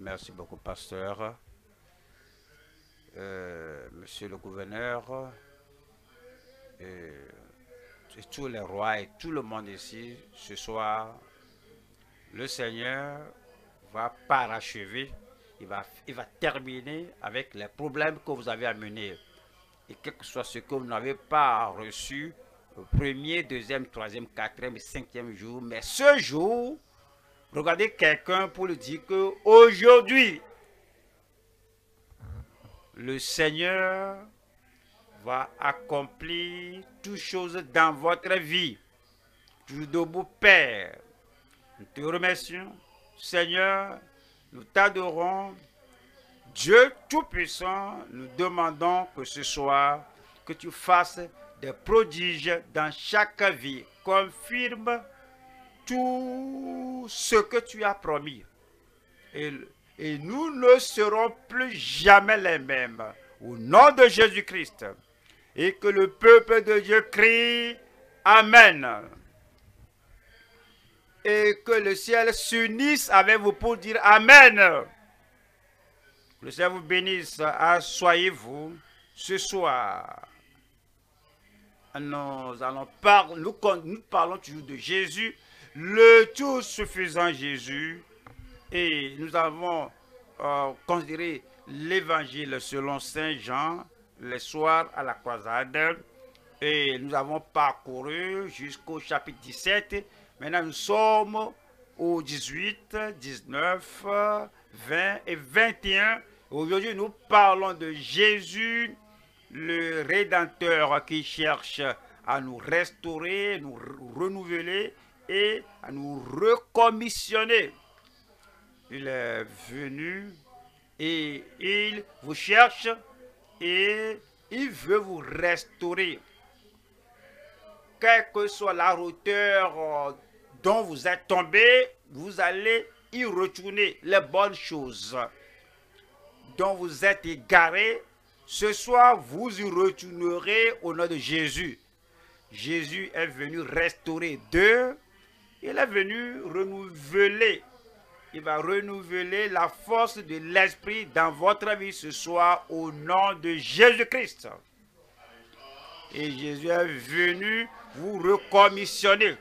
Merci beaucoup, pasteur. Euh, monsieur le gouverneur, euh, et, tous les rois et tout le monde ici, ce soir, le Seigneur va parachever, il va, il va terminer avec les problèmes que vous avez amenés. Et quel que soit ce que vous n'avez pas reçu, premier, deuxième, troisième, quatrième, cinquième jour, mais ce jour, Regardez quelqu'un pour lui dire que aujourd'hui, le Seigneur va accomplir toutes choses dans votre vie. Toujours debout, Père. Nous te remercions, Seigneur. Nous t'adorons. Dieu Tout-Puissant, nous demandons que ce soir, que tu fasses des prodiges dans chaque vie. Confirme tout ce que tu as promis. Et, et nous ne serons plus jamais les mêmes. Au nom de Jésus-Christ. Et que le peuple de Dieu crie Amen. Et que le ciel s'unisse avec vous pour dire Amen. Le ciel vous bénisse. Assoyez-vous ce soir. Nous, allons par, nous parlons toujours de Jésus le tout suffisant Jésus. Et nous avons euh, considéré l'évangile selon Saint Jean, le soir à la croisade. Et nous avons parcouru jusqu'au chapitre 17. Maintenant, nous sommes au 18, 19, 20 et 21. Aujourd'hui, nous parlons de Jésus, le Rédempteur qui cherche à nous restaurer, nous renouveler à nous recommissionner. Il est venu et il vous cherche et il veut vous restaurer. Quelle que soit la hauteur euh, dont vous êtes tombé, vous allez y retourner les bonnes choses dont vous êtes égaré. Ce soir, vous y retournerez au nom de Jésus. Jésus est venu restaurer deux il est venu renouveler. Il va renouveler la force de l'Esprit dans votre vie ce soir au nom de Jésus-Christ. Et Jésus est venu vous recommissionner.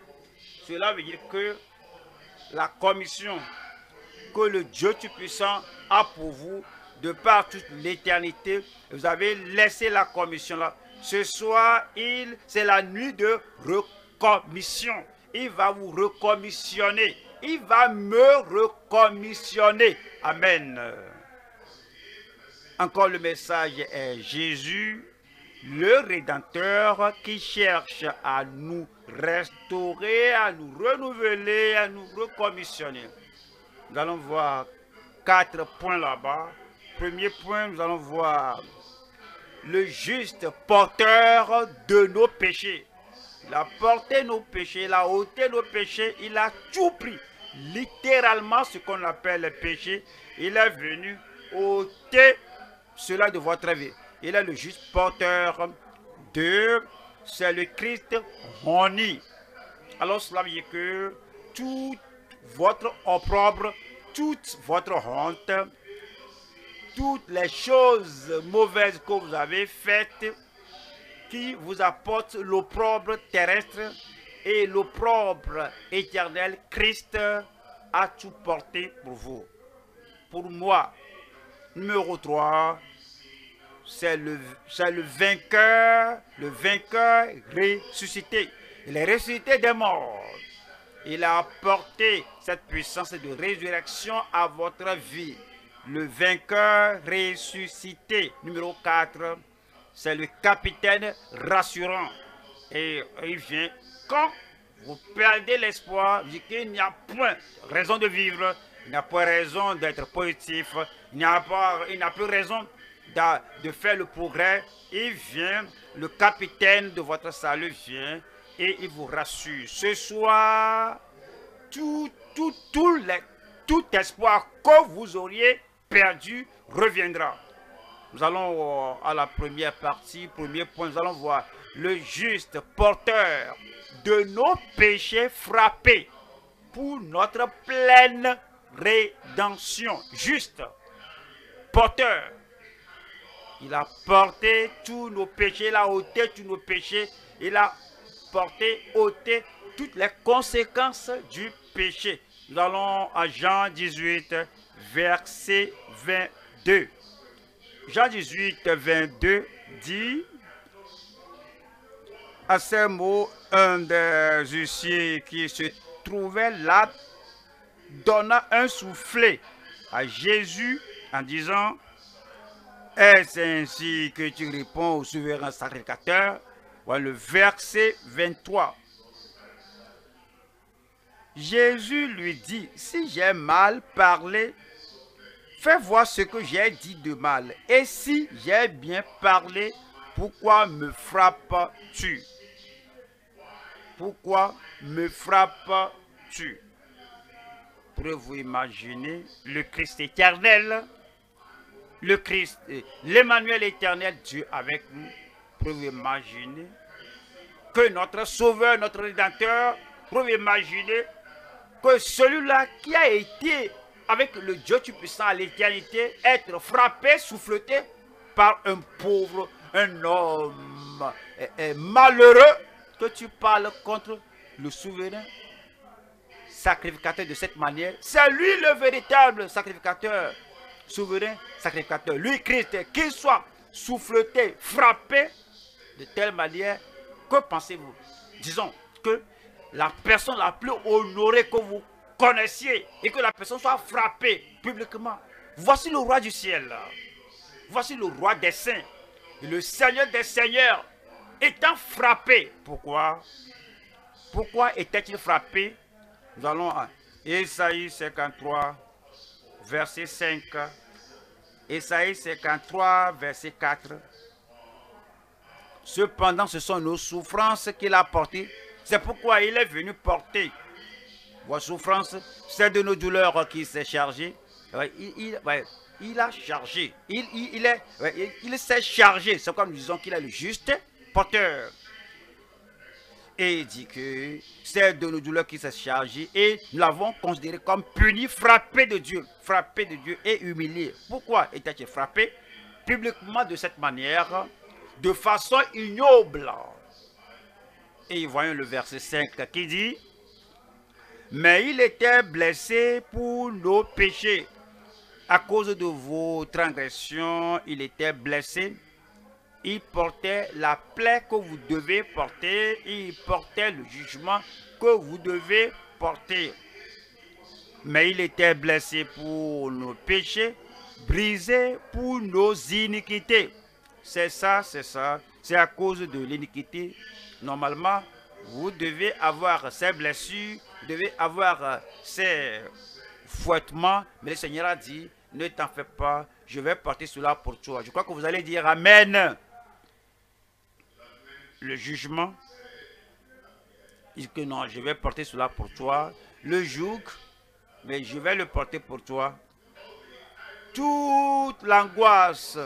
Cela veut dire que la commission que le Dieu Tout-Puissant a pour vous de par toute l'éternité, vous avez laissé la commission là. Ce soir, c'est la nuit de recommission il va vous recommissionner. Il va me recommissionner. Amen. Encore le message est Jésus, le Rédempteur qui cherche à nous restaurer, à nous renouveler, à nous recommissionner. Nous allons voir quatre points là-bas. Premier point, nous allons voir le juste porteur de nos péchés. Il a porté nos péchés, il a ôté nos péchés, il a tout pris. Littéralement ce qu'on appelle le péché, il est venu ôter cela de votre vie. Il est le juste porteur de, c'est le Christ moni. Alors cela veut dire que tout votre opprobre, toute votre honte, toutes les choses mauvaises que vous avez faites, qui vous apporte l'opprobre terrestre et l'opprobre éternel, Christ a tout porté pour vous. Pour moi, numéro 3, c'est le, le vainqueur, le vainqueur ressuscité. Il est ressuscité des morts. Il a apporté cette puissance de résurrection à votre vie. Le vainqueur ressuscité. Numéro 4, c'est le capitaine rassurant. Et il vient quand vous perdez l'espoir, qu'il n'y a point raison de vivre, il n'y a pas raison d'être positif, il n'y a, pas, plus raison de, faire le progrès. Il vient, le capitaine de votre salut vient et il vous rassure. Ce soir, tout, tout, tout, tout espoir que vous auriez perdu reviendra. Nous allons euh, à la première partie, premier point, nous allons voir le juste porteur de nos péchés frappés pour notre pleine rédemption. Juste porteur. Il a porté tous nos péchés, il a ôté tous nos péchés, il a porté, ôté toutes les conséquences du péché. Nous allons à Jean 18, verset 22. Jean 18, 22 dit à ces mots, un des huissiers qui se trouvait là donna un soufflet à Jésus en disant Est-ce ainsi que tu réponds au souverain sacrificateur voilà le verset 23. Jésus lui dit Si j'ai mal parlé, Fais voir ce que j'ai dit de mal. Et si j'ai bien parlé, pourquoi me frappes-tu Pourquoi me frappes-tu pouvez vous imaginer le Christ éternel Le Christ, euh, l'Emmanuel éternel, Dieu avec nous. pouvez vous imaginer que notre Sauveur, notre Rédempteur, pouvez vous imaginer que celui-là qui a été avec le Dieu tu puissant à l'éternité, être frappé, souffleté par un pauvre, un homme malheureux que tu parles contre le souverain sacrificateur de cette manière. C'est lui le véritable sacrificateur, souverain sacrificateur. Lui, Christ, qu'il soit souffleté, frappé de telle manière, que pensez-vous Disons que la personne la plus honorée que vous connaissiez et que la personne soit frappée publiquement. Voici le roi du ciel. Voici le roi des saints. le Seigneur des seigneurs étant frappé. Pourquoi Pourquoi était-il frappé Nous allons à Esaïe 53, verset 5. Esaïe 53, verset 4. Cependant, ce sont nos souffrances qu'il a portées. C'est pourquoi il est venu porter souffrance souffrance, de nos douleurs qui s'est chargé. Il, a chargé. Il, est, il s'est chargé. C'est comme nous disons qu'il est le juste porteur. Et il dit que c'est de nos douleurs qui s'est chargé et nous l'avons considéré comme puni, frappé de Dieu, frappé de Dieu et humilié. Pourquoi était-il frappé publiquement de cette manière, de façon ignoble Et voyons le verset 5 qui dit mais il était blessé pour nos péchés. À cause de vos transgressions, il était blessé. Il portait la plaie que vous devez porter. Il portait le jugement que vous devez porter. Mais il était blessé pour nos péchés, brisé pour nos iniquités. C'est ça, c'est ça. C'est à cause de l'iniquité. Normalement, vous devez avoir ces blessures vous devez avoir euh, ces fouettements, mais le Seigneur a dit, ne t'en fais pas, je vais porter cela pour toi. Je crois que vous allez dire Amen. Le jugement, il dit que non, je vais porter cela pour toi. Le joug, mais je vais le porter pour toi. Toute l'angoisse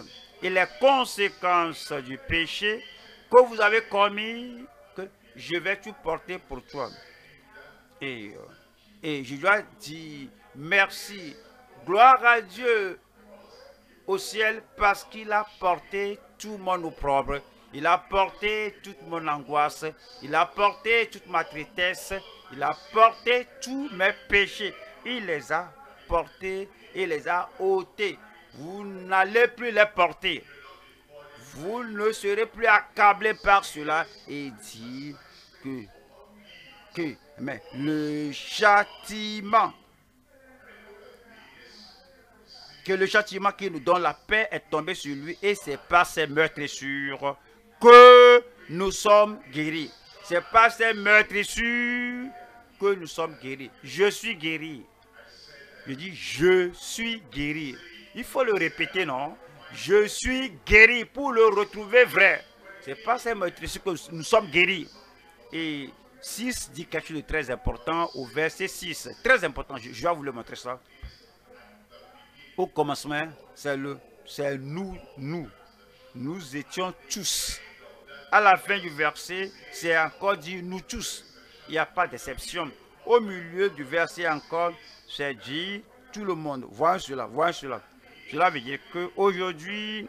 et les conséquences du péché que vous avez commis, que je vais tout porter pour toi. Euh, et, je dois dire merci, gloire à Dieu au ciel parce qu'il a porté tout mon opprobre, il a porté toute mon angoisse, il a porté toute ma tristesse, il a porté tous mes péchés. Il les a portés, et les a ôtés. Vous n'allez plus les porter. Vous ne serez plus accablés par cela et dit que, que mais le châtiment, que le châtiment qui nous donne la paix est tombé sur lui et c'est par ses meurtrissures que nous sommes guéris. C'est par ces meurtrissures que nous sommes guéris. Je suis guéri. Je dis, je suis guéri. Il faut le répéter, non Je suis guéri pour le retrouver vrai. C'est par ces meurtrissures que nous sommes guéris. Et 6 dit quelque chose de très important au verset 6. Très important, je, vais vous le montrer ça. Au commencement, c'est le, c'est nous, nous. Nous étions tous. À la fin du verset, c'est encore dit nous tous. Il n'y a pas d'exception. Au milieu du verset encore, c'est dit tout le monde. Voyez cela, voyez cela. Cela veut dire qu'aujourd'hui,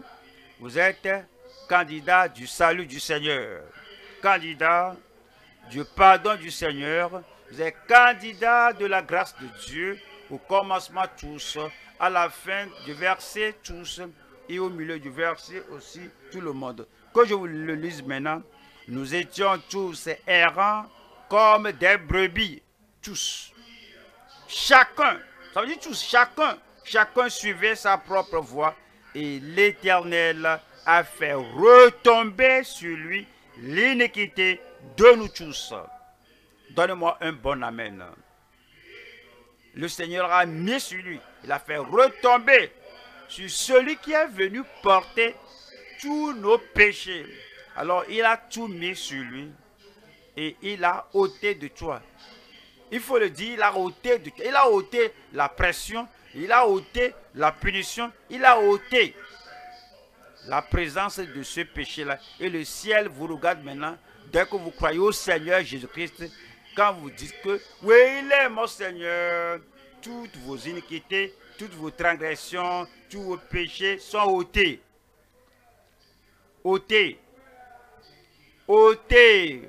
vous êtes candidat du salut du Seigneur. Candidat du pardon du Seigneur, vous êtes candidats de la grâce de Dieu au commencement tous, à la fin du verset tous et au milieu du verset aussi tout le monde. Que je vous le lise maintenant, nous étions tous errants comme des brebis, tous. Chacun, ça veut dire tous, chacun, chacun suivait sa propre voie et l'Éternel a fait retomber sur lui l'iniquité de nous tous. Donne-moi un bon Amen. Le Seigneur a mis sur lui, il a fait retomber sur celui qui est venu porter tous nos péchés. Alors il a tout mis sur lui et il a ôté de toi. Il faut le dire, il a ôté de toi. Il a ôté la pression, il a ôté la punition, il a ôté la présence de ce péché-là. Et le ciel vous regarde maintenant dès que vous croyez au Seigneur Jésus-Christ, quand vous dites que oui, il est mon Seigneur, toutes vos iniquités, toutes vos transgressions, tous vos péchés sont ôtés. Ôtés. Ôtés.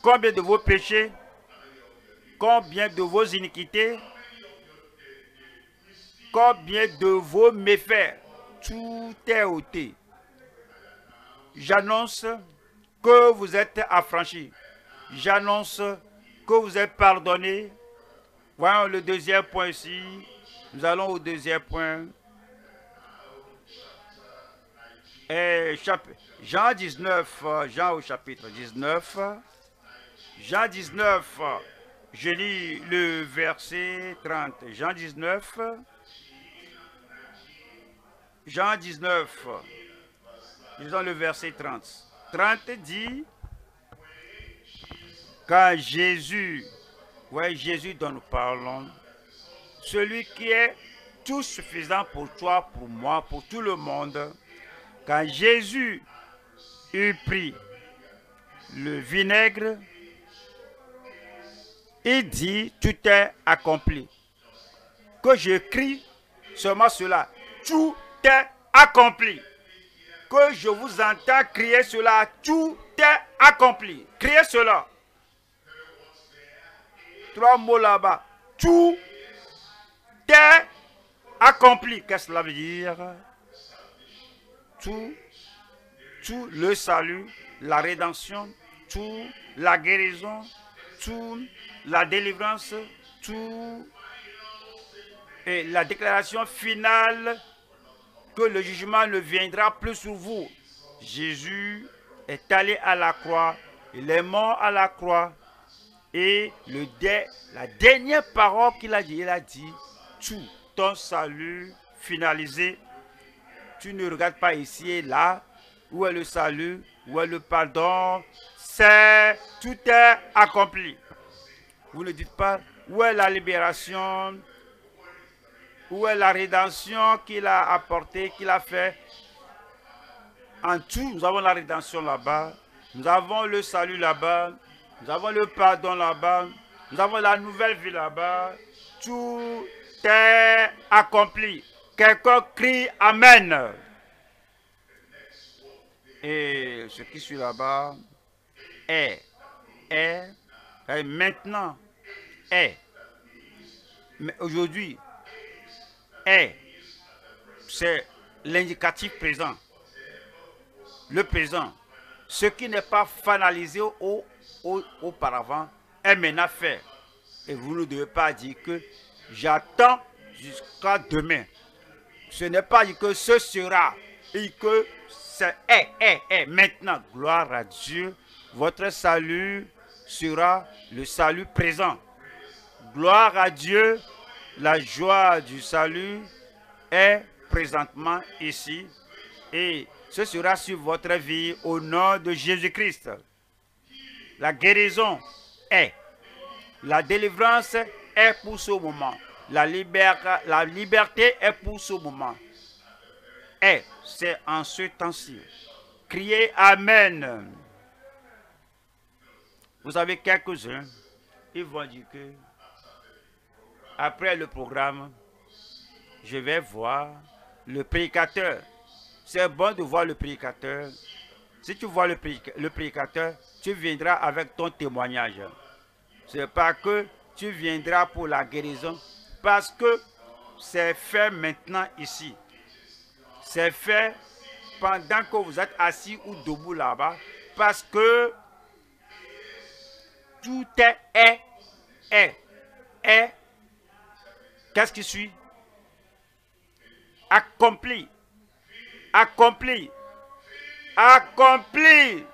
Combien de vos péchés Combien de vos iniquités Combien de vos méfaits Tout est ôté. J'annonce que vous êtes affranchis. J'annonce que vous êtes pardonnés. Voyons le deuxième point ici. Nous allons au deuxième point. Jean 19, Jean au chapitre 19. Jean 19, je lis le verset 30. Jean 19. Jean 19, disons le verset 30. 30 dit quand Jésus, ouais, Jésus dont nous parlons, celui qui est tout suffisant pour toi, pour moi, pour tout le monde, quand Jésus eut pris le vinaigre, il dit Tout est accompli. Que je crie seulement cela Tout est accompli je vous entends crier cela, tout est accompli. Criez cela. Trois mots là-bas. Tout est accompli. Qu'est-ce que cela veut dire Tout, tout le salut, la rédemption, tout la guérison, tout la délivrance, tout et la déclaration finale que le jugement ne viendra plus sur vous. Jésus est allé à la croix, il est mort à la croix. Et le la dernière parole qu'il a dit, il a dit, tout ton salut finalisé. Tu ne regardes pas ici et là. Où est le salut Où est le pardon C'est tout est accompli. Vous ne dites pas, où est la libération où est la rédemption qu'il a apportée, qu'il a fait En tout, nous avons la rédemption là-bas. Nous avons le salut là-bas. Nous avons le pardon là-bas. Nous avons la nouvelle vie là-bas. Tout est accompli. Quelqu'un crie Amen. Et ce qui suit là-bas est, est, est maintenant, est. Mais aujourd'hui, est, c'est l'indicatif présent. Le présent. Ce qui n'est pas finalisé au, auparavant est maintenant fait. Et vous ne devez pas dire que j'attends jusqu'à demain. Ce n'est pas que ce sera et que c'est est, eh, est, eh, eh, Maintenant, gloire à Dieu, votre salut sera le salut présent. Gloire à Dieu, la joie du salut est présentement ici et ce sera sur votre vie au nom de Jésus-Christ. La guérison est. La délivrance est pour ce moment. La, liberté est pour ce moment. Et c'est en ce temps-ci. Criez Amen. Vous avez quelques-uns, ils vont dire que après le programme, je vais voir le prédicateur. C'est bon de voir le prédicateur. Si tu vois le, prédicateur, tu viendras avec ton témoignage. C'est pas que tu viendras pour la guérison, parce que c'est fait maintenant ici. C'est fait pendant que vous êtes assis ou debout là-bas, parce que tout est, est, est, est Qu'est-ce qui suit Accompli. Accompli. Accompli.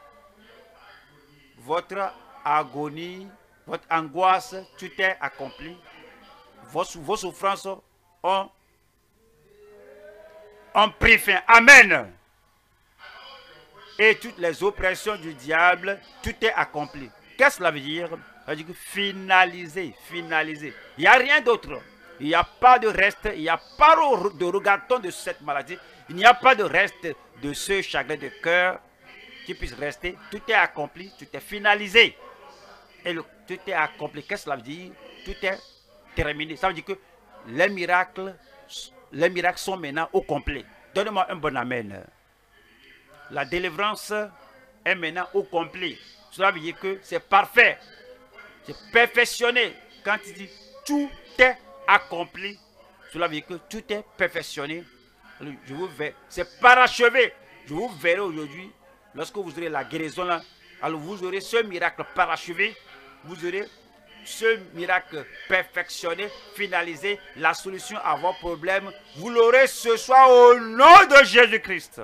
Votre agonie, votre angoisse, tout est accompli. Vos, vos souffrances ont, pris fin. Amen. Et toutes les oppressions du diable, tout est accompli. Qu'est-ce que cela veut dire Ça veut dire finaliser, finaliser. Il n'y a rien d'autre. Il n'y a pas de reste, il n'y a pas de regardons de cette maladie. Il n'y a pas de reste de ce chagrin de cœur qui puisse rester. Tout est accompli, tout est finalisé. Et le, tout est accompli. Qu'est-ce que cela veut dire Tout est terminé. Ça veut dire que les miracles, les miracles sont maintenant au complet. Donnez-moi un bon amen. La délivrance est maintenant au complet. Cela veut dire que c'est parfait. C'est perfectionné. Quand il dit tout est accompli. Cela veut dire que tout est perfectionné. Je vous verrai. C'est parachevé. Je vous verrai aujourd'hui. Lorsque vous aurez la guérison là, alors vous aurez ce miracle parachevé. Vous aurez ce miracle perfectionné, finalisé, la solution à vos problèmes. Vous l'aurez ce soir au nom de Jésus-Christ.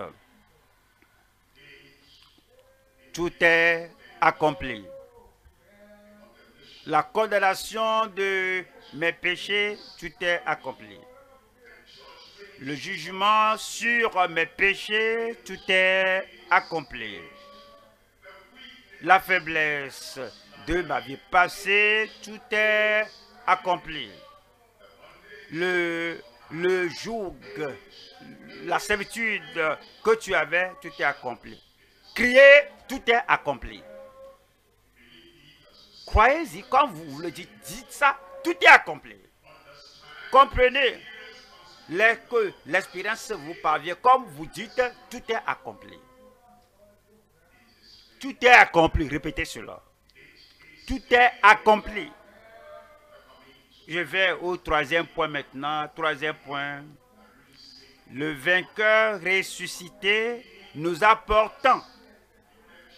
Tout est accompli la condamnation de mes péchés, tout est accompli. Le jugement sur mes péchés, tout est accompli. La faiblesse de ma vie passée, tout est accompli. Le, le joug, la servitude que tu avais, tout est accompli. Crier, tout est accompli. Croyez-y, quand vous, le dites, dites ça, tout est accompli. Comprenez les, que l'espérance vous parvient, comme vous dites, tout est accompli. Tout est accompli, répétez cela. Tout est accompli. Je vais au troisième point maintenant. Troisième point. Le vainqueur ressuscité nous apportant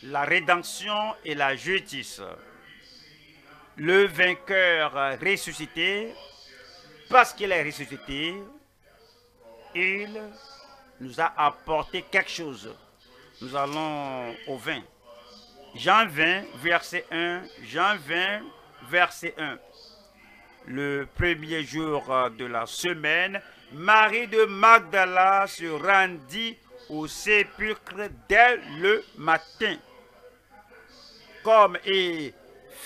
la rédemption et la justice le vainqueur ressuscité, parce qu'il est ressuscité, il nous a apporté quelque chose. Nous allons au 20. Jean 20, verset 1. Jean 20, verset 1. Le premier jour euh, de la semaine, Marie de Magdala se rendit au sépulcre dès le matin. Comme et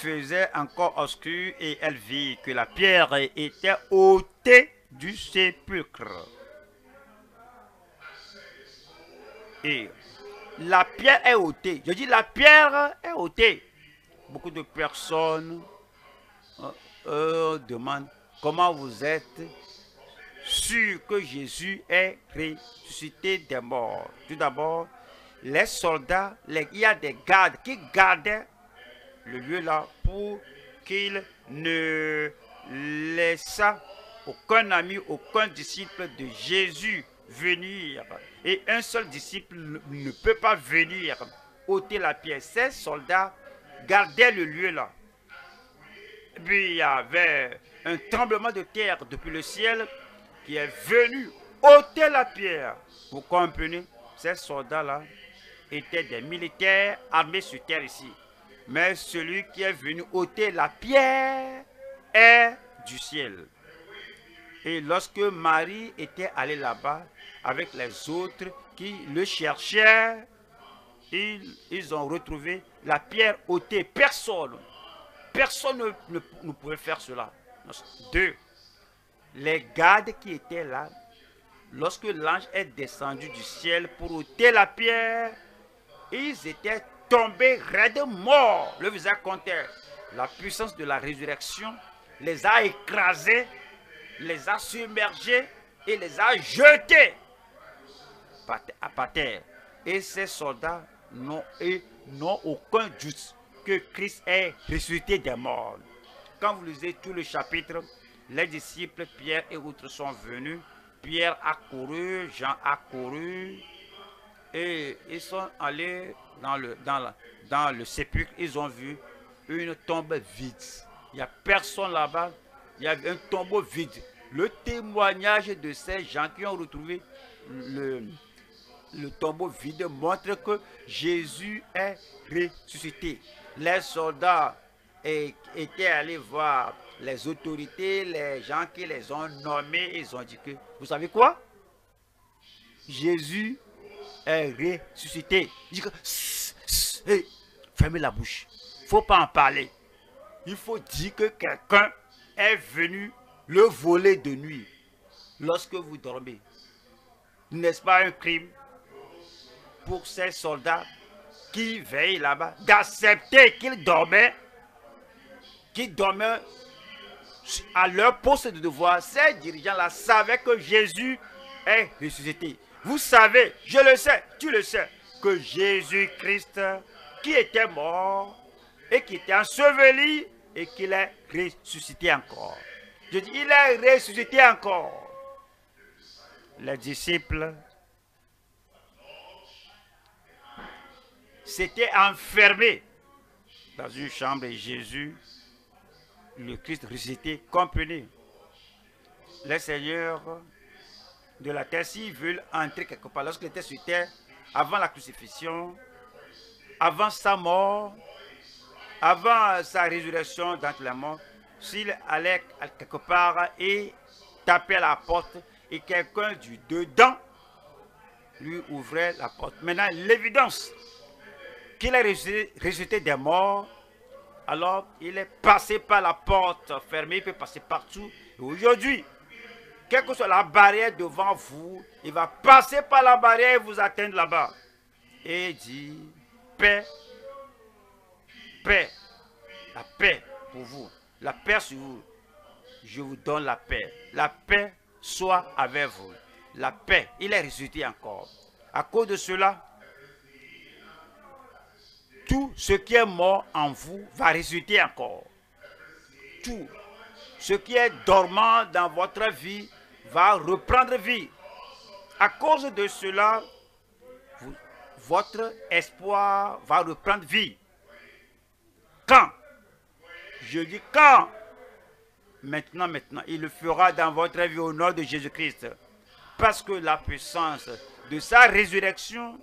faisait encore obscur et elle vit que la pierre était ôtée du sépulcre. Et la pierre est ôtée. Je dis la pierre est ôtée. Beaucoup de personnes euh, euh, demandent comment vous êtes sûr que Jésus est ressuscité des morts. Tout d'abord, les soldats, il y a des gardes qui gardaient le lieu là pour qu'il ne laisse aucun ami, aucun disciple de Jésus venir. Et un seul disciple ne peut pas venir ôter la pierre. Ces soldats gardaient le lieu là. Puis il y avait un tremblement de terre depuis le ciel qui est venu ôter la pierre. Vous comprenez Ces soldats là étaient des militaires armés sur terre ici mais celui qui est venu ôter la pierre est du ciel. Et lorsque Marie était allée là-bas avec les autres qui le cherchaient, ils, ont retrouvé la pierre ôtée. Personne, personne ne, ne pouvait faire cela. Deux, les gardes qui étaient là, lorsque l'ange est descendu du ciel pour ôter la pierre, ils étaient tombés raide mort, le visage comptait. La puissance de la résurrection les a écrasés, les a submergés et les a jetés à par terre. Et ces soldats n'ont aucun doute que Christ est ressuscité des morts. Quand vous lisez tout le chapitre, les disciples Pierre et autres sont venus. Pierre a couru, Jean a couru. Et ils sont allés dans le, dans, dans le sépulcre, ils ont vu une tombe vide. Il n'y a personne là-bas. Il y a un tombeau vide. Le témoignage de ces gens qui ont retrouvé le, le tombeau vide montre que Jésus est ressuscité. Les soldats étaient allés voir les autorités, les gens qui les ont nommés. Ils ont dit que, vous savez quoi Jésus est ressuscité. fermez la bouche. faut pas en parler. Il faut dire que quelqu'un est venu le voler de nuit lorsque vous dormez. N'est-ce pas un crime pour ces soldats qui veillent là-bas d'accepter qu'ils dormaient, qu'ils dormaient à leur poste de devoir. Ces dirigeants-là savaient que Jésus est ressuscité. Vous savez, je le sais, tu le sais, que Jésus-Christ, qui était mort et qui était enseveli et qu'il est ressuscité encore. Je dis, il est ressuscité encore. Les disciples s'étaient enfermés dans une chambre et Jésus, le Christ ressuscité, comprenait. Le Seigneur de la terre, s'ils veulent entrer quelque part, lorsqu'il était sur terre, avant la crucifixion, avant sa mort, avant sa résurrection d'entre la mort, s'il allait quelque part et tapait la porte, et quelqu'un du dedans lui ouvrait la porte. Maintenant, l'évidence qu'il a résulté des morts, alors il est passé par la porte fermée, il peut passer partout. Aujourd'hui, quelle que soit la barrière devant vous, il va passer par la barrière et vous atteindre là-bas. Et il dit, paix, paix, la paix pour vous, la paix sur vous. Je vous donne la paix. La paix soit avec vous. La paix, il est résulté encore. À cause de cela, tout ce qui est mort en vous va résulter encore. Tout ce qui est dormant dans votre vie va reprendre vie. À cause de cela, votre espoir va reprendre vie. Quand Je dis quand Maintenant, maintenant. Il le fera dans votre vie au nom de Jésus-Christ. Parce que la puissance de sa résurrection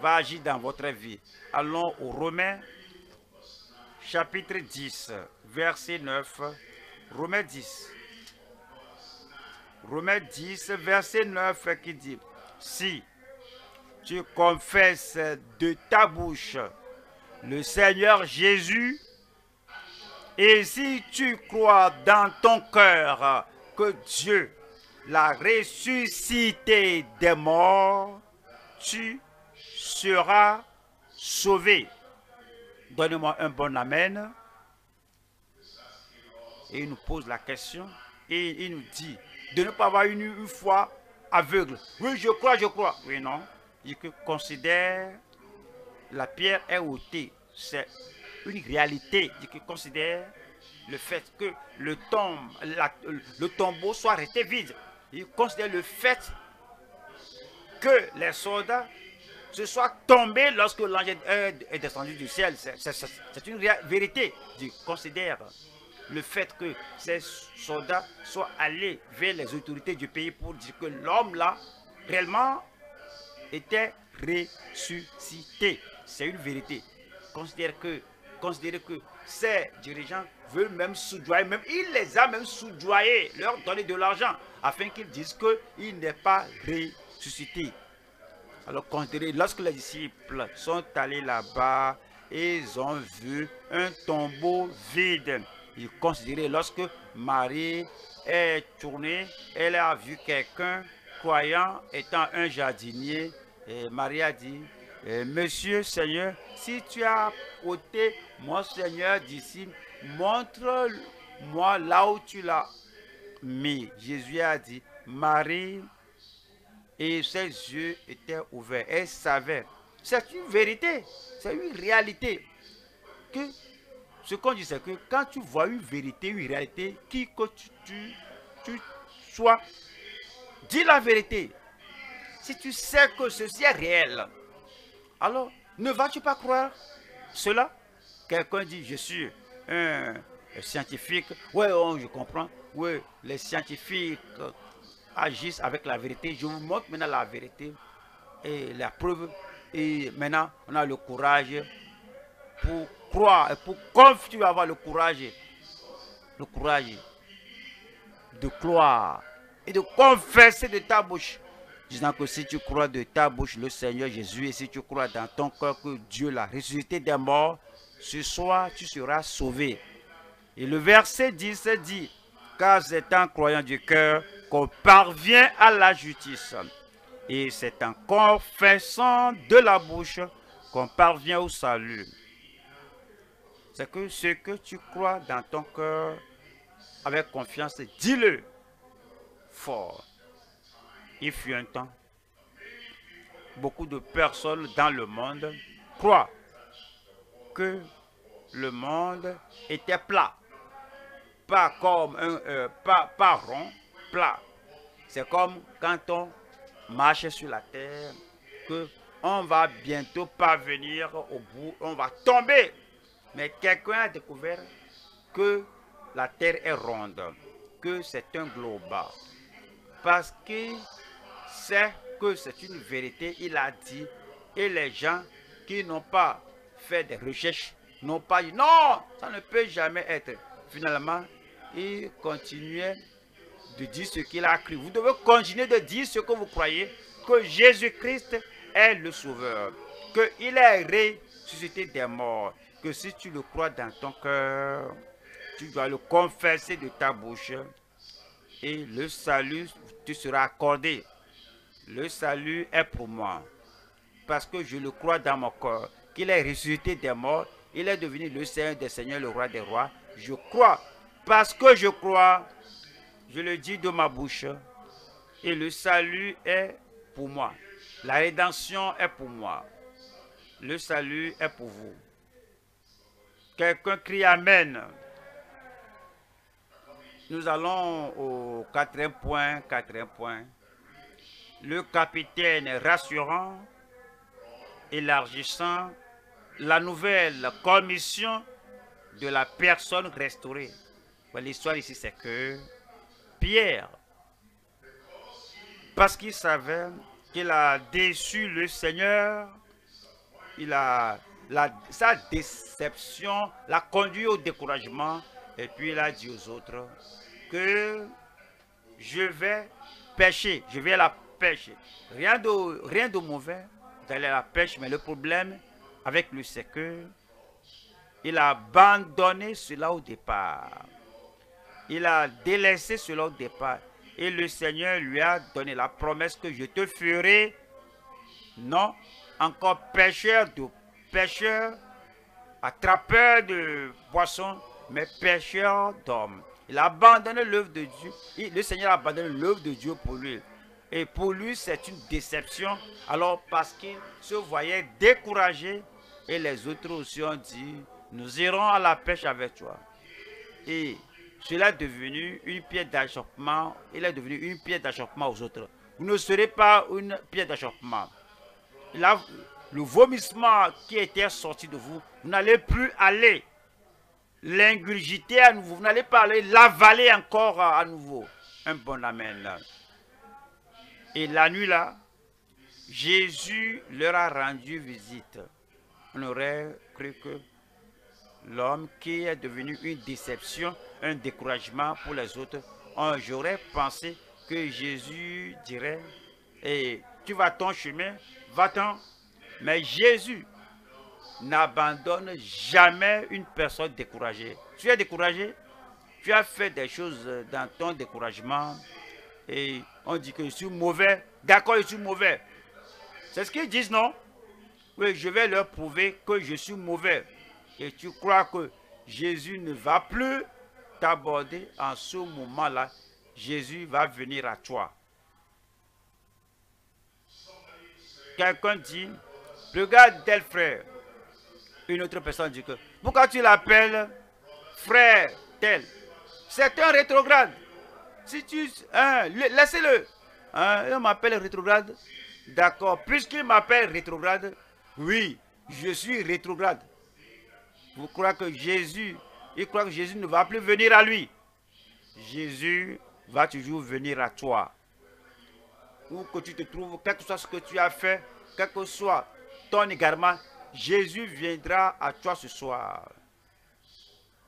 va agir dans votre vie. Allons au Romains, chapitre 10, verset 9. Romain 10, Romains 10, verset 9 qui dit, si tu confesses de ta bouche le Seigneur Jésus, et si tu crois dans ton cœur que Dieu l'a ressuscité des morts, tu seras sauvé. donne moi un bon Amen. Et il nous pose la question et il nous dit, de ne pas avoir une, une foi aveugle. Oui, je crois, je crois. Oui, non. Il considère la pierre est ôtée. C'est une réalité. Il considère le fait que le, tombeau soit resté vide. Il considère le fait que les soldats se soient tombés lorsque l'ange est descendu du ciel. C'est une vérité. Il considère le fait que ces soldats soient allés vers les autorités du pays pour dire que l'homme-là, réellement, était ressuscité. C'est une vérité. Considère que, considérez que ces dirigeants veulent même soudoyer, même il les a même soudoyés, leur donner de l'argent, afin qu'ils disent qu'il n'est pas ressuscité. Alors quand lorsque les disciples sont allés là-bas, ils ont vu un tombeau vide il considérait lorsque Marie est tournée, elle a vu quelqu'un croyant étant un jardinier. Et Marie a dit, eh, Monsieur Seigneur, si tu as ôté mon Seigneur d'ici, montre-moi là où tu l'as mis. Jésus a dit, Marie, et ses yeux étaient ouverts. Elle savait. C'est une vérité, c'est une réalité que ce qu'on dit, c'est que quand tu vois une vérité, une réalité, qui que tu, tu, sois, dis la vérité. Si tu sais que ceci est réel, alors ne vas-tu pas croire cela Quelqu'un dit, je suis un scientifique. Oui, oh, je comprends. Oui, les scientifiques agissent avec la vérité. Je vous montre maintenant la vérité et la preuve. Et maintenant, on a le courage pour et pour confier, avoir le courage, le courage de croire et de confesser de ta bouche. Disant que si tu crois de ta bouche le Seigneur Jésus et si tu crois dans ton cœur que Dieu l'a ressuscité des morts, ce soir tu seras sauvé. Et le verset 10 dit, car c'est en croyant du cœur qu'on parvient à la justice. Et c'est en confessant de la bouche qu'on parvient au salut c'est que ce que tu crois dans ton cœur avec confiance, dis-le fort. Il fut un temps, beaucoup de personnes dans le monde croient que le monde était plat. Pas comme un, euh, pas, rond, plat. C'est comme quand on marche sur la terre, que on va bientôt parvenir au bout, on va tomber mais quelqu'un a découvert que la Terre est ronde, que c'est un globe. Parce qu'il sait que c'est une vérité, il a dit. Et les gens qui n'ont pas fait des recherches n'ont pas dit non, ça ne peut jamais être. Finalement, il continuait de dire ce qu'il a cru. Vous devez continuer de dire ce que vous croyez, que Jésus-Christ est le Sauveur, qu'il est ressuscité des morts, que si tu le crois dans ton cœur, tu dois le confesser de ta bouche et le salut tu sera accordé. Le salut est pour moi parce que je le crois dans mon cœur qu'il est ressuscité des morts, il est devenu le Seigneur des Seigneurs, le roi des rois. Je crois parce que je crois, je le dis de ma bouche et le salut est pour moi. La rédemption est pour moi. Le salut est pour vous. Quelqu'un crie Amen. Nous allons au quatrième point, quatrième point. Le capitaine rassurant, élargissant la nouvelle commission de la personne restaurée. L'histoire ici, c'est que Pierre, parce qu'il savait qu'il a déçu le Seigneur, il a sa déception l'a conduit au découragement. Et puis il a dit aux autres que je vais pêcher, je vais la pêcher Rien de, rien de mauvais d'aller la pêche, mais le problème avec lui, c'est que il a abandonné cela au départ. Il a délaissé cela au départ. Et le Seigneur lui a donné la promesse que je te ferai, non, encore pêcheur de pêcheur, attrapeur de poissons, mais pêcheur d'hommes. Il a abandonné l'œuvre de Dieu. le Seigneur a abandonné l'œuvre de Dieu pour lui. Et pour lui, c'est une déception. Alors, parce qu'il se voyait découragé, et les autres aussi ont dit, nous irons à la pêche avec toi. Et cela est devenu une pierre d'achoppement. Il est devenu une pierre d'achoppement aux autres. Vous ne serez pas une pierre d'achoppement. Il le vomissement qui était sorti de vous, vous n'allez plus aller l'ingurgiter à nouveau, vous n'allez pas aller l'avaler encore à nouveau. Un bon amen Et la nuit là, Jésus leur a rendu visite. On aurait cru que l'homme qui est devenu une déception, un découragement pour les autres, oh, j'aurais pensé que Jésus dirait, et eh, tu vas ton chemin, va-t'en, mais Jésus n'abandonne jamais une personne découragée. Tu es découragé, tu as fait des choses dans ton découragement et on dit que je suis mauvais. D'accord, je suis mauvais. C'est ce qu'ils disent, non Oui, je vais leur prouver que je suis mauvais. Et tu crois que Jésus ne va plus t'aborder en ce moment-là. Jésus va venir à toi. Quelqu'un dit, Regarde tel frère. Une autre personne dit que, pourquoi tu l'appelles frère tel C'est un rétrograde. Si tu... Hein, Laissez-le. Hein, il m'appelle rétrograde. D'accord. Puisqu'il m'appelle rétrograde, oui, je suis rétrograde. Vous croyez que Jésus, il croit que Jésus ne va plus venir à lui. Jésus va toujours venir à toi. Où que tu te trouves, quel que soit ce que tu as fait, quel que soit également, Jésus viendra à toi ce soir.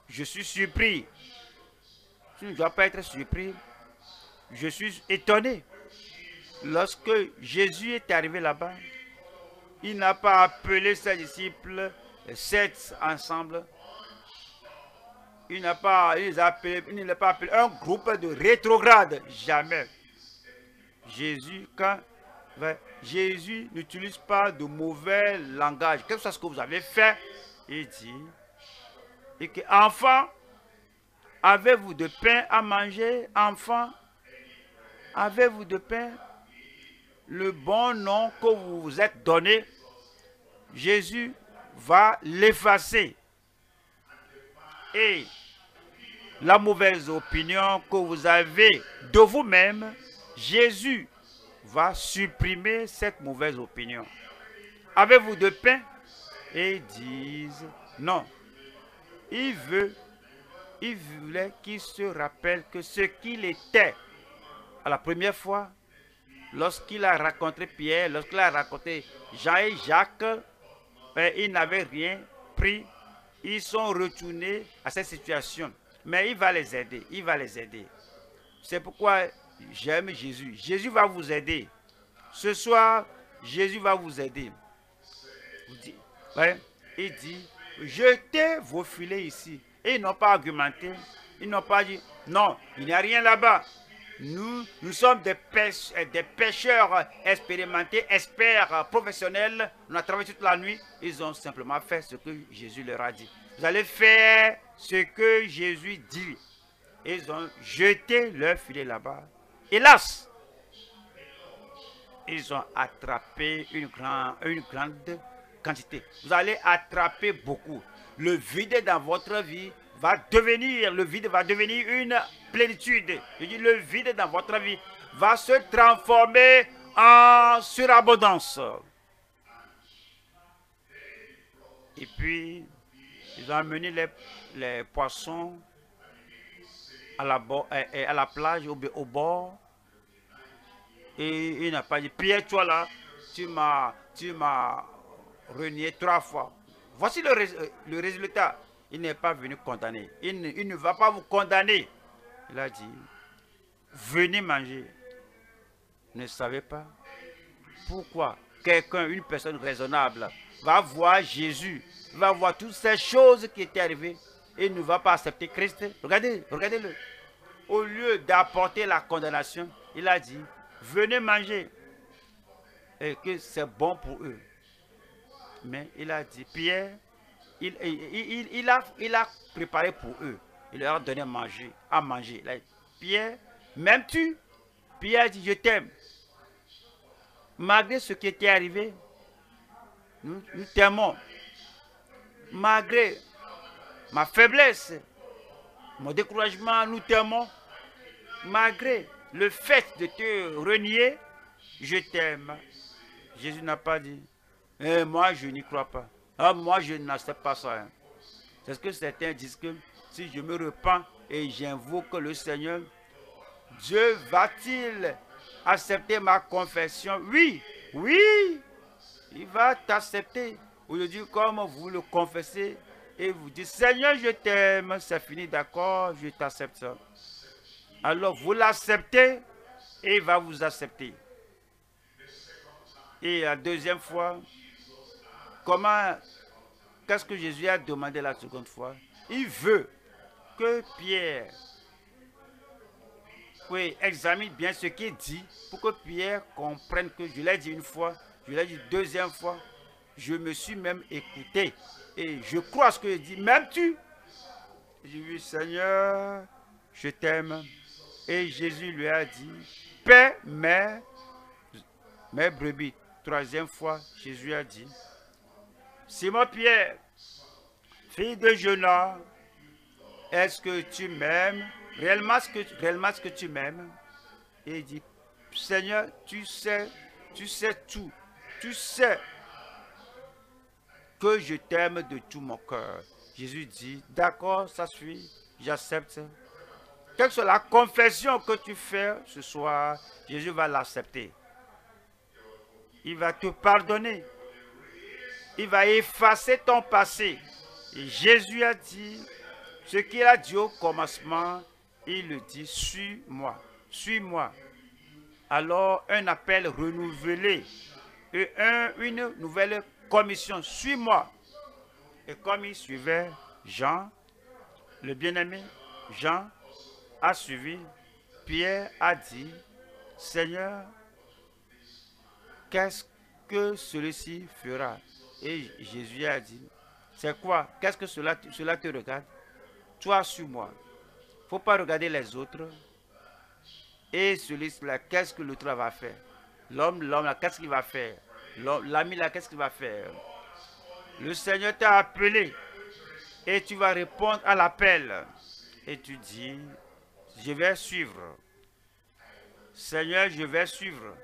Je suis surpris. Tu ne dois pas être surpris. Je suis étonné. Lorsque Jésus est arrivé là-bas, il n'a pas appelé ses disciples sept ensemble. Il n'a pas, les pas appelé un groupe de rétrograde Jamais. Jésus, quand Jésus n'utilise pas de mauvais langage. quest que ce que vous avez fait, il dit, et enfant, avez-vous de pain à manger, enfant Avez-vous de pain Le bon nom que vous vous êtes donné, Jésus va l'effacer. Et la mauvaise opinion que vous avez de vous-même, Jésus supprimer cette mauvaise opinion. Avez-vous de pain Et ils disent non. Il veut, il voulait qu'ils se rappelle que ce qu'il était à la première fois, lorsqu'il a raconté Pierre, lorsqu'il a raconté Jean et Jacques, ben, ils n'avaient rien pris. Ils sont retournés à cette situation. Mais il va les aider, il va les aider. C'est pourquoi j'aime Jésus. Jésus va vous aider. Ce soir, Jésus va vous aider. il dit, jetez vos filets ici. Et ils n'ont pas argumenté. Ils n'ont pas dit, non, il n'y a rien là-bas. Nous, nous sommes des, des pêcheurs expérimentés, experts, professionnels. On a travaillé toute la nuit. Ils ont simplement fait ce que Jésus leur a dit. Vous allez faire ce que Jésus dit. Ils ont jeté leur filet là-bas Hélas, ils ont attrapé une, grande quantité. Vous allez attraper beaucoup. Le vide dans votre vie va devenir, le vide va devenir une plénitude. Je dis, le vide dans votre vie va se transformer en surabondance. Et puis, ils ont amené les poissons à la, eh, eh, à la plage au bord. Et il n'a pas dit, Pierre, toi là, tu m'as renié trois fois. Voici le, euh, le résultat. Il n'est pas venu condamner. Il ne, il ne va pas vous condamner. Il a dit, venez manger. Ne savez pas pourquoi quelqu'un, une personne raisonnable, va voir Jésus, va voir toutes ces choses qui étaient arrivées et ne va pas accepter Christ, regardez, regardez-le. Au lieu d'apporter la condamnation, il a dit, venez manger. Et que c'est bon pour eux. Mais il a dit, Pierre, il, a, préparé pour eux. Il leur a donné à manger. À manger. Pierre, m'aimes-tu Pierre dit, je t'aime. Malgré ce qui était arrivé, nous t'aimons. Malgré ma faiblesse, mon découragement, nous t'aimons. Malgré le fait de te renier, je t'aime. Jésus n'a pas dit, eh, moi je n'y crois pas. Ah, moi je n'accepte pas ça. Hein. C'est ce que certains disent que si je me repens et j'invoque le Seigneur, Dieu va-t-il accepter ma confession Oui, oui, il va t'accepter. Aujourd'hui, comme vous le confessez, et vous dites, Seigneur, je t'aime, c'est fini, d'accord, je t'accepte. Alors vous l'acceptez et il va vous accepter. Et la deuxième fois, comment, qu'est-ce que Jésus a demandé la seconde fois Il veut que Pierre oui, examine bien ce qu'il dit pour que Pierre comprenne que je l'ai dit une fois, je l'ai dit deuxième fois, je me suis même écouté. Et je crois ce que je dis. Même tu J'ai Seigneur, je t'aime. Et Jésus lui a dit, paix mes, mais brebis. Troisième fois, Jésus a dit, Simon Pierre, fille de Jonas, est-ce que tu m'aimes réellement ce réellement ce que tu m'aimes Et il dit, Seigneur, tu sais, tu sais tout. Tu sais que je t'aime de tout mon cœur. Jésus dit, d'accord, ça suit, j'accepte. Quelle que soit la confession que tu fais ce soir, Jésus va l'accepter. Il va te pardonner. Il va effacer ton passé. Et Jésus a dit, ce qu'il a dit au commencement, il le dit, suis-moi, suis-moi. Alors un appel renouvelé et une nouvelle commission, suis-moi. Et comme il suivait Jean, le bien-aimé, Jean a suivi, Pierre a dit, Seigneur, qu'est-ce que celui-ci fera Et Jésus a dit, c'est quoi Qu'est-ce que cela, cela te regarde Toi, suis-moi. Il ne faut pas regarder les autres. Et celui-là, qu'est-ce que l'autre va faire L'homme, l'homme, qu'est-ce qu'il va faire L'ami là, qu'est-ce qu'il va faire Le Seigneur t'a appelé et tu vas répondre à l'appel. Et tu dis, je vais suivre. Seigneur, je vais suivre.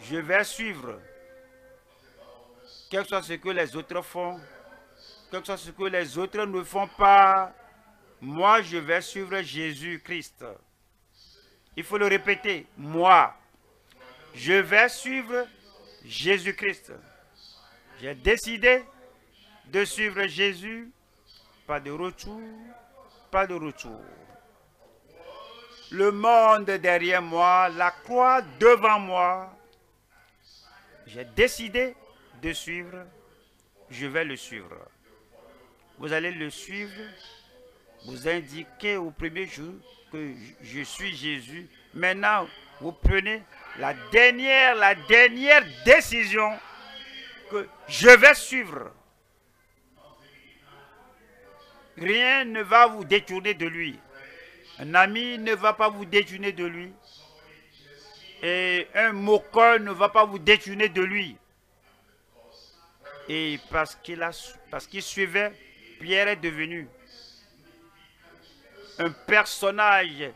Je vais suivre. Quel que soit ce que les autres font, quel que soit ce que les autres ne font pas, moi, je vais suivre Jésus-Christ. Il faut le répéter. Moi, je vais suivre Jésus-Christ. J'ai décidé de suivre Jésus. Pas de retour, pas de retour. Le monde derrière moi, la croix devant moi. J'ai décidé de suivre. Je vais le suivre. Vous allez le suivre. Vous indiquez au premier jour que je suis Jésus. Maintenant, vous prenez la dernière, la dernière décision que je vais suivre. Rien ne va vous détourner de lui. Un ami ne va pas vous détourner de lui. Et un moqueur ne va pas vous détourner de lui. Et parce qu'il qu'il suivait, Pierre est devenu un personnage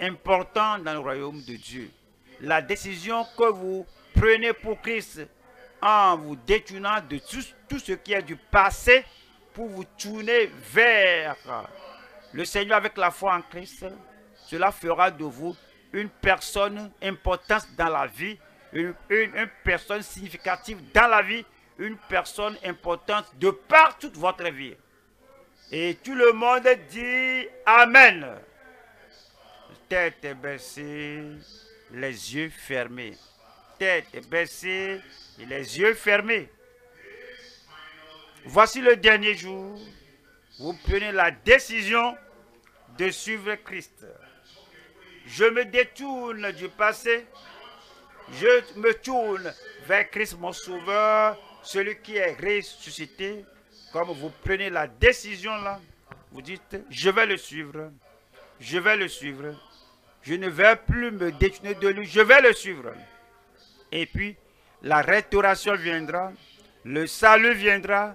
important dans le royaume de Dieu. La décision que vous prenez pour Christ en vous détournant de tout, ce qui est du passé pour vous tourner vers le Seigneur avec la foi en Christ, cela fera de vous une personne importante dans la vie, une, personne significative dans la vie, une personne importante de par toute votre vie. Et tout le monde dit Amen tête baissée, les yeux fermés. Tête baissée et les yeux fermés. Voici le dernier jour. Vous prenez la décision de suivre Christ. Je me détourne du passé. Je me tourne vers Christ, mon Sauveur, celui qui est ressuscité. Comme vous prenez la décision là, vous dites, je vais le suivre. Je vais le suivre je ne vais plus me détenir de lui, je vais le suivre. Et puis, la restauration viendra, le salut viendra,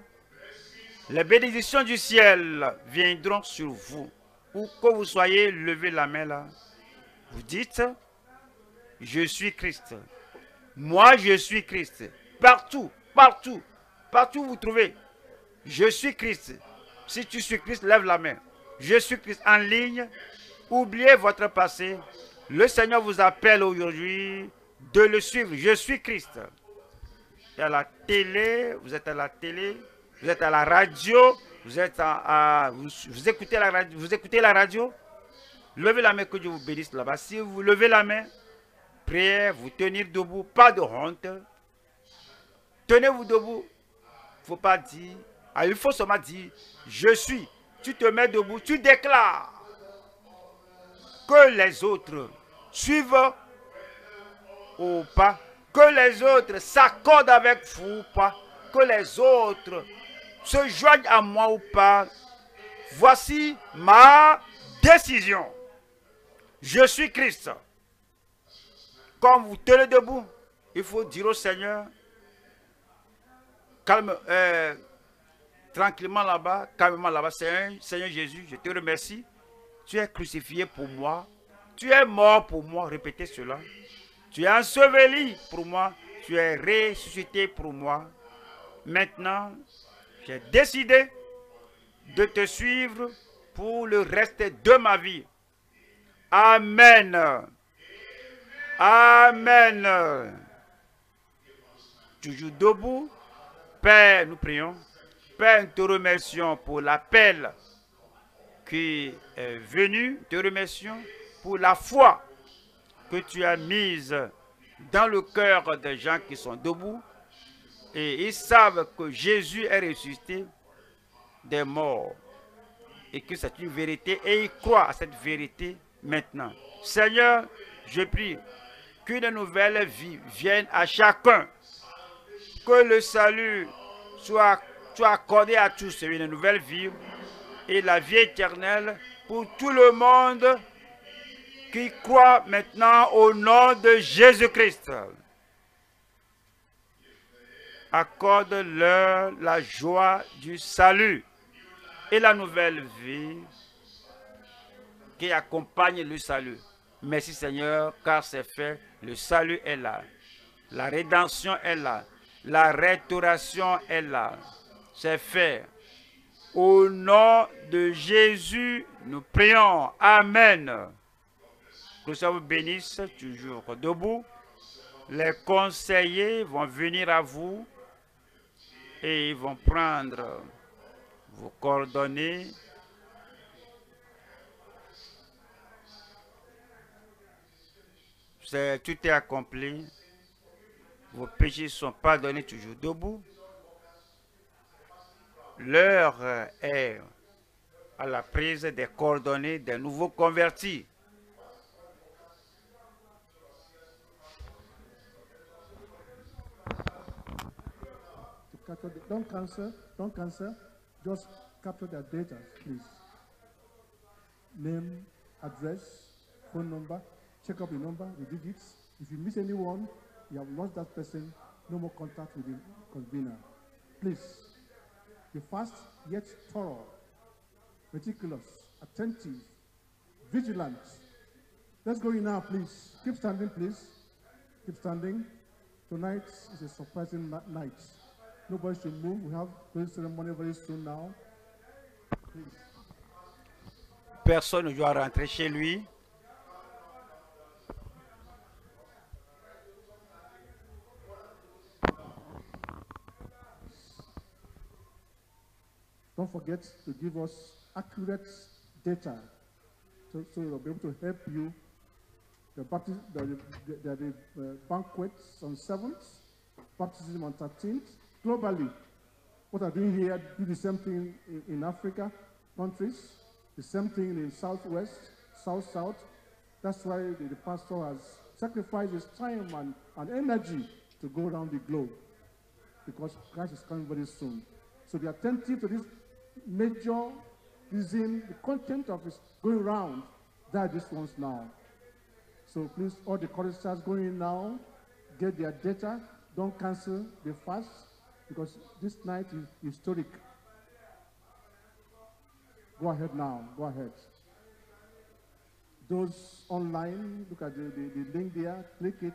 les bénédictions du ciel viendront sur vous. Où que vous soyez, levez la main là. Vous dites, je suis Christ. Moi, je suis Christ. Partout, partout, partout vous trouvez. Je suis Christ. Si tu suis Christ, lève la main. Je suis Christ en ligne, Oubliez votre passé. Le Seigneur vous appelle aujourd'hui de le suivre. Je suis Christ. à la télé, vous êtes à la télé, vous êtes à la radio, vous êtes à, vous, écoutez la radio, vous écoutez la radio. Levez la main que Dieu vous bénisse là-bas. Si vous levez la main, priez, vous tenir debout, pas de honte. Tenez-vous debout. Il ne faut pas dire. Ah, il faut seulement dire, je suis. Tu te mets debout, tu déclares que les autres suivent ou pas, que les autres s'accordent avec vous ou pas, que les autres se joignent à moi ou pas. Voici ma décision. Je suis Christ. Quand vous tenez debout, il faut dire au Seigneur, calme, euh, tranquillement là-bas, calmement là-bas, Seigneur Jésus, je te remercie tu es crucifié pour moi, tu es mort pour moi, répétez cela. Tu es enseveli pour moi, tu es ressuscité pour moi. Maintenant, j'ai décidé de te suivre pour le reste de ma vie. Amen. Amen. Toujours debout. Père, nous prions. Père, nous te remercions pour l'appel est venu. Te remercions pour la foi que tu as mise dans le cœur des gens qui sont debout. Et ils savent que Jésus est ressuscité des morts. Et que c'est une vérité. Et ils croient à cette vérité maintenant. Seigneur, je prie qu'une nouvelle vie vienne à chacun. Que le salut soit, soit accordé à tous. Une nouvelle vie et la vie éternelle pour tout le monde qui croit maintenant au nom de Jésus-Christ. Accorde-leur la joie du salut et la nouvelle vie qui accompagne le salut. Merci Seigneur, car c'est fait, le salut est là, la rédemption est là, la restauration est là, c'est fait. Au nom de Jésus, nous prions. Amen. Que ça vous bénisse, toujours debout. Les conseillers vont venir à vous et ils vont prendre vos coordonnées. tout est accompli. Vos péchés sont pardonnés toujours debout. L'heure est à la prise des coordonnées des nouveaux convertis. Don't cancel, don't cancel, just capture their data, please. Name, address, phone number, check up the number, the digits. If you miss anyone, you have lost that person, no more contact with the convener. Please. The fast yet thorough, meticulous, attentive, vigilant. Let's go in now, please. Keep standing, please. Keep standing. Tonight is a surprising night. Nobody should move. We have prayer ceremony very soon now. Please. Personne ne doit rentrer chez lui Don't forget to give us accurate data so, so we'll be able to help you. The, baptism, the, the, the, the uh, banquets on 7th, baptism on 13th. Globally, what are doing here, do the same thing in, in Africa countries, the same thing in Southwest, South-South. That's why the, the pastor has sacrificed his time and, and energy to go around the globe because Christ is coming very soon. So be attentive to this major reason the content of is going around that this ones now. So please, all the choristers going in now, get their data, don't cancel the fast, because this night is historic. Go ahead now, go ahead. Those online, look at the, the, the link there, click it,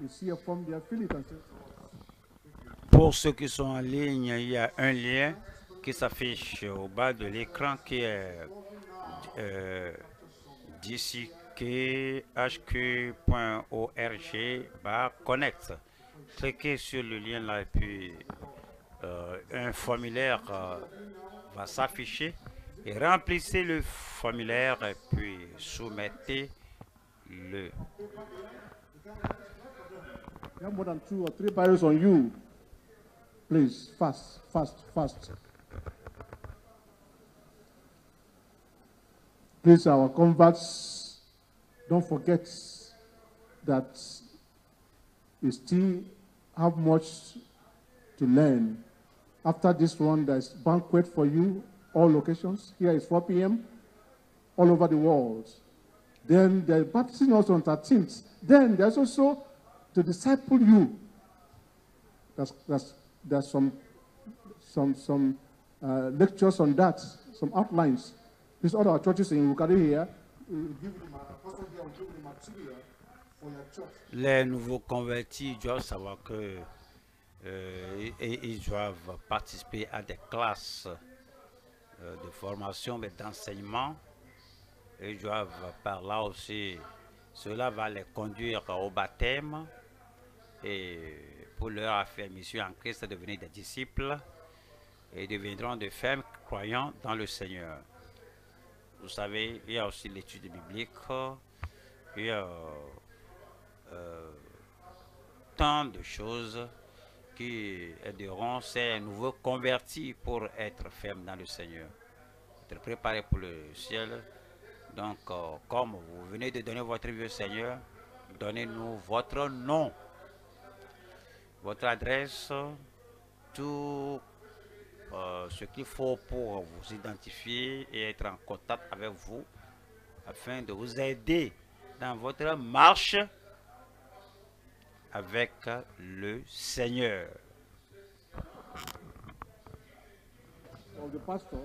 you see a form there, fill it and Pour ceux qui sont en ligne, il y a un lien. s'affiche au bas de l'écran qui est euh, HQ.org connect. Cliquez sur le lien là et puis euh, un formulaire euh, va s'afficher. Et remplissez le formulaire et puis soumettez-le. Please, fast, fast, fast. Please, our converts, don't forget that we still have much to learn. After this one, there's banquet for you, all locations. Here is 4 p.m., all over the world. Then there's baptism also on 13th. Then there's also to disciple you. there's some, some, some uh, lectures on that, some outlines. Les nouveaux convertis doivent savoir que euh, ils doivent participer à des classes euh, de formation mais d'enseignement. Ils doivent par là aussi, cela va les conduire au baptême et pour leur affaire mission en Christ devenir des disciples et deviendront des femmes croyants dans le Seigneur. Vous savez, il y a aussi l'étude biblique, il y a euh, tant de choses qui aideront ces nouveaux convertis pour être ferme dans le Seigneur, être préparés pour le ciel. Donc, euh, comme vous venez de donner votre vie au Seigneur, donnez-nous votre nom, votre adresse, tout euh, ce qu'il faut pour vous identifier et être en contact avec vous afin de vous aider dans votre marche avec le Seigneur. Of the pastor,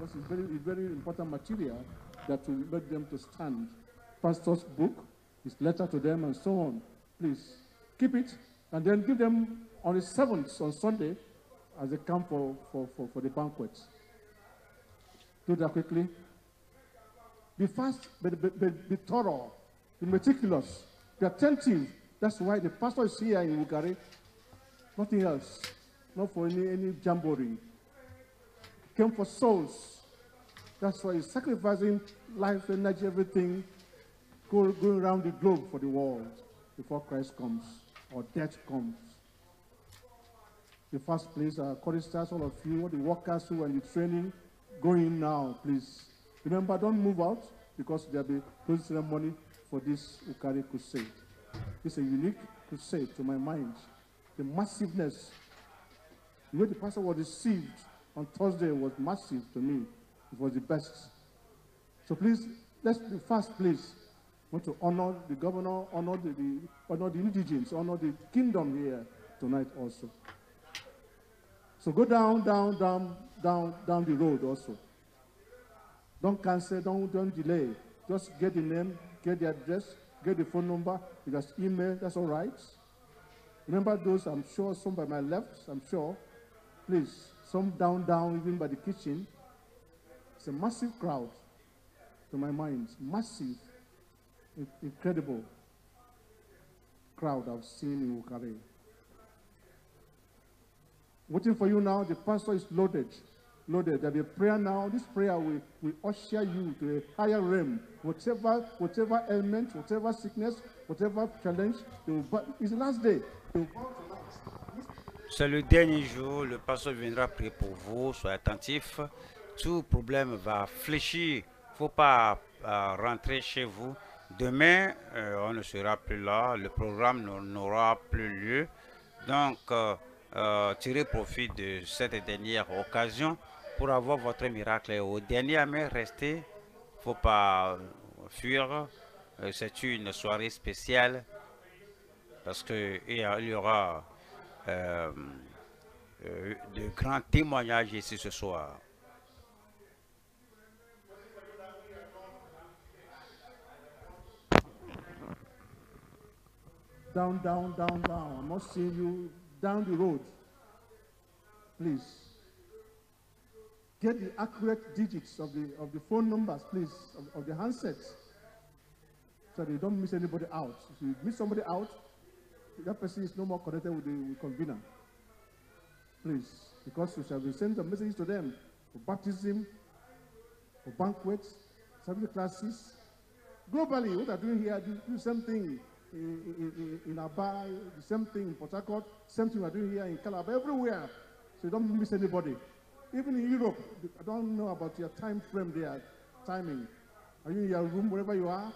this is very, very important material that will make them to stand. Pastor's book, his letter to them, and so on. Please keep it, and then give them on the seventh on Sunday as a camp for, for, for, for the banquet. Do that quickly. Be fast, but be, be, be thorough, be meticulous, be attentive. That's why the pastor is here in Ugari. Nothing else. Not for any, any jamboree. Came for souls. That's why he's sacrificing life, energy, everything, going around the globe for the world before Christ comes or death comes the first place, our uh, choristers, all of you, the workers who are in the training, go in now, please. Remember, don't move out because there'll be closing ceremony for this Ukari crusade. It's a unique crusade to my mind. The massiveness, the way the pastor was received on Thursday was massive to me. It was the best. So please, let's be fast, please. want to honor the governor, honor the, the honor the indigents, honor the kingdom here tonight also. So go down, down, down, down, down the road also. Don't cancel, don't, don't delay. Just get the name, get the address, get the phone number, just email, that's all right. Remember those, I'm sure, some by my left, I'm sure. Please, some down, down, even by the kitchen. It's a massive crowd, to my mind. Massive, incredible crowd I've seen in Ukare. waiting for you now. The pastor is loaded. Loaded. There'll be a prayer now. This prayer will, will usher you to a higher realm. Whatever, whatever ailment, whatever sickness, whatever challenge, will, it's the last day. C'est le dernier jour, le pasteur viendra prier pour vous, soyez attentifs. Tout problème va fléchir, il ne faut pas euh, rentrer chez vous. Demain, euh, on ne sera plus là, le programme n'aura plus lieu. Donc, euh, Tirez euh, tirer profit de cette dernière occasion pour avoir votre miracle au dernier, mais restez, faut pas fuir. Euh, c'est une soirée spéciale parce qu'il y aura euh, de grands témoignages ici ce soir. Down, down, down, down. down the road, please. Get the accurate digits of the, of the phone numbers, please, of, of the handsets, so that you don't miss anybody out. If you miss somebody out, that person is no more connected with the with convener. Please, because you shall be sending a message to them for baptism, for banquets, Sunday classes. Globally, what are doing here, do, do the same thing in, in, in Abai, the same thing in Port Harcourt, same thing we're doing here in Calabar, everywhere. So you don't miss anybody. Even in Europe, I don't know about your time frame there, timing. Are you in your room, wherever you are?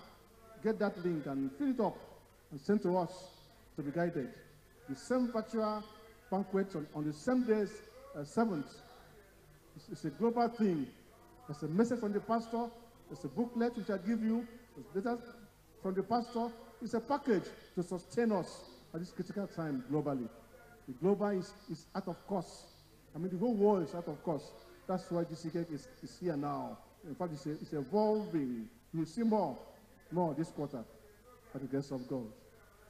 Get that link and fill it up and send to us to be guided. The same virtual banquet on, on the same days, uh, 7th. It's, it's a global thing. There's a message from the pastor. There's a booklet which I give you. There's letters from the pastor. It's a package to sustain us at this critical time globally. The global is, is out of course. I mean, the whole world is out of course. That's why GCK is, is here now. In fact, it's, a, it's evolving. You'll see more, more this quarter at the grace of God.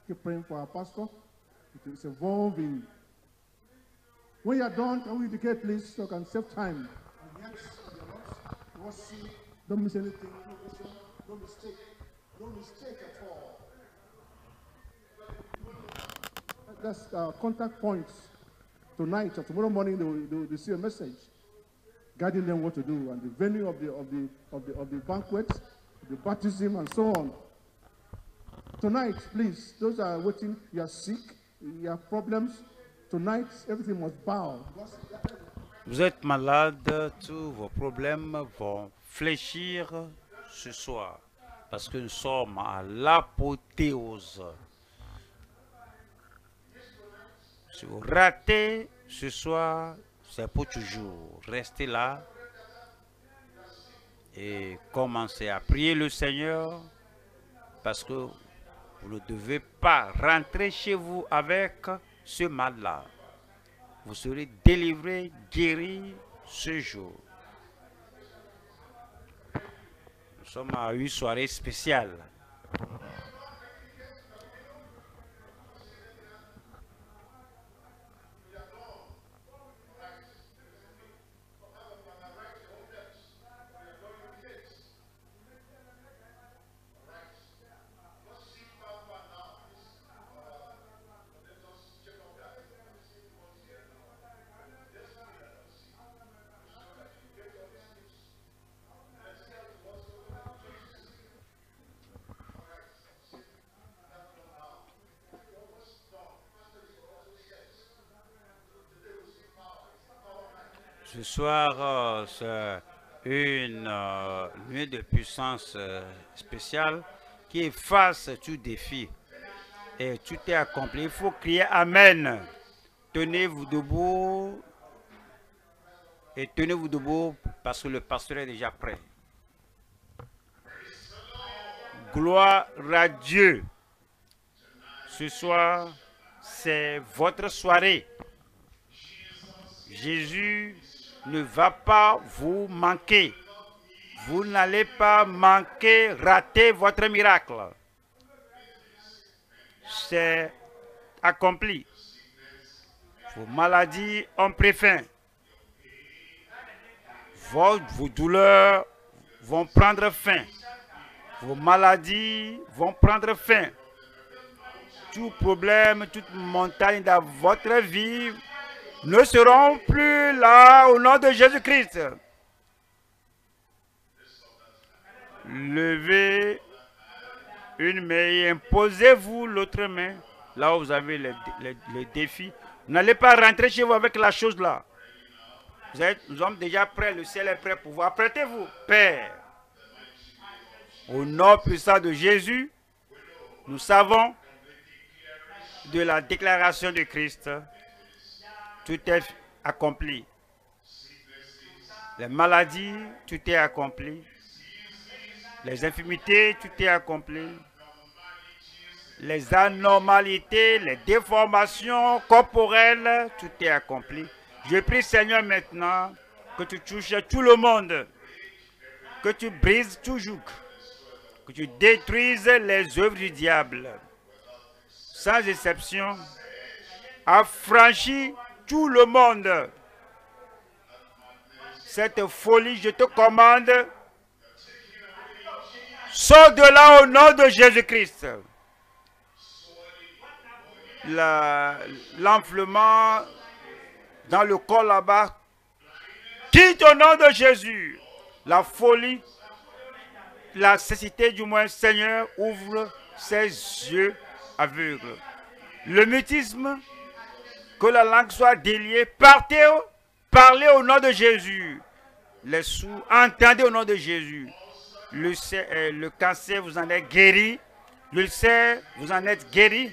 Keep praying for our pastor. It is evolving. When you are done, can we indicate, please, so I can save time? And yes, you must Don't miss anything. Don't mistake. Don't mistake at all. that's uh, our contact points tonight or tomorrow morning. They will, receive a message guiding them what to do and the venue of the of the of the of the banquet, the baptism, and so on. Tonight, please, those are waiting. You are sick. You have problems. Tonight, everything must bow. Vous êtes malade, tous vos problèmes vont fléchir ce soir parce que nous sommes à l'apothéose si vous ratez ce soir, c'est pour toujours. Restez là et commencez à prier le Seigneur parce que vous ne devez pas rentrer chez vous avec ce mal-là. Vous serez délivré, guéri ce jour. Nous sommes à une soirée spéciale. Ce soir, euh, c'est une euh, nuit de puissance euh, spéciale qui efface tout défi. Et tout est accompli. Il faut crier Amen. Tenez-vous debout. Et tenez-vous debout parce que le pasteur est déjà prêt. Gloire à Dieu. Ce soir, c'est votre soirée. Jésus ne va pas vous manquer. Vous n'allez pas manquer, rater votre miracle. C'est accompli. Vos maladies ont pris fin. Vos, vos douleurs vont prendre fin. Vos maladies vont prendre fin. Tout problème, toute montagne dans votre vie ne seront plus là au nom de Jésus-Christ. Levez une main et imposez-vous l'autre main. Là où vous avez le défi. N'allez pas rentrer chez vous avec la chose là. nous sommes déjà prêts, le ciel est prêt pour vous. Apprêtez-vous, Père. Au nom puissant de Jésus, nous savons de la déclaration de Christ tout est accompli. Les maladies, tout est accompli. Les infirmités, tout est accompli. Les anormalités, les déformations corporelles, tout est accompli. Je prie Seigneur maintenant que tu touches tout le monde, que tu brises toujours, que tu détruises les œuvres du diable, sans exception, affranchis tout le monde. Cette folie, je te commande, sors de là au nom de Jésus-Christ. L'enflement dans le corps là-bas, quitte au nom de Jésus. La folie, la cécité du moins, Seigneur, ouvre ses yeux aveugles. Le mutisme, que la langue soit déliée. Partez, parlez au nom de Jésus. Les sous, entendez au nom de Jésus. Le, euh, le cancer, vous en êtes guéri. L'ulcère, vous en êtes guéri.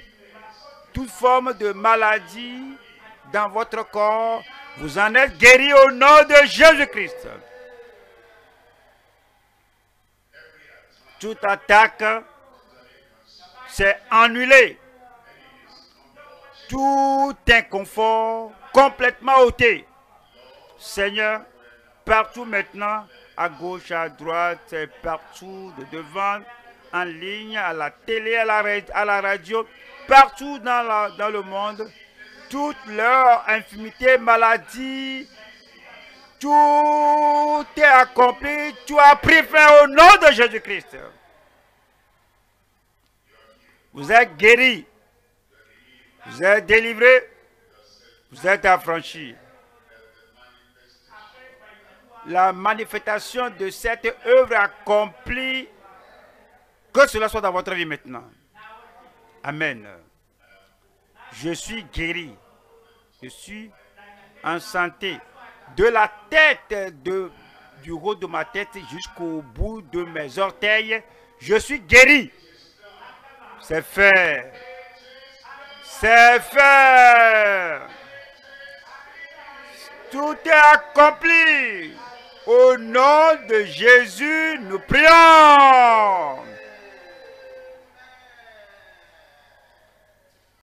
Toute forme de maladie dans votre corps, vous en êtes guéri au nom de Jésus-Christ. Toute attaque, c'est annulé tout inconfort complètement ôté. Seigneur, partout maintenant, à gauche, à droite, partout, de devant, en ligne, à la télé, à la, radio, partout dans, le monde, toute leur infimité, maladie, tout est accompli, tu as pris fin au nom de Jésus-Christ. Vous êtes guéri. Vous êtes délivré, Vous êtes affranchi La manifestation de cette œuvre accomplie, que cela soit dans votre vie maintenant. Amen. Je suis guéri. Je suis en santé. De la tête de, du haut de ma tête jusqu'au bout de mes orteils, je suis guéri. C'est fait. C'est fait. Tout est accompli. Au nom de Jésus, nous prions.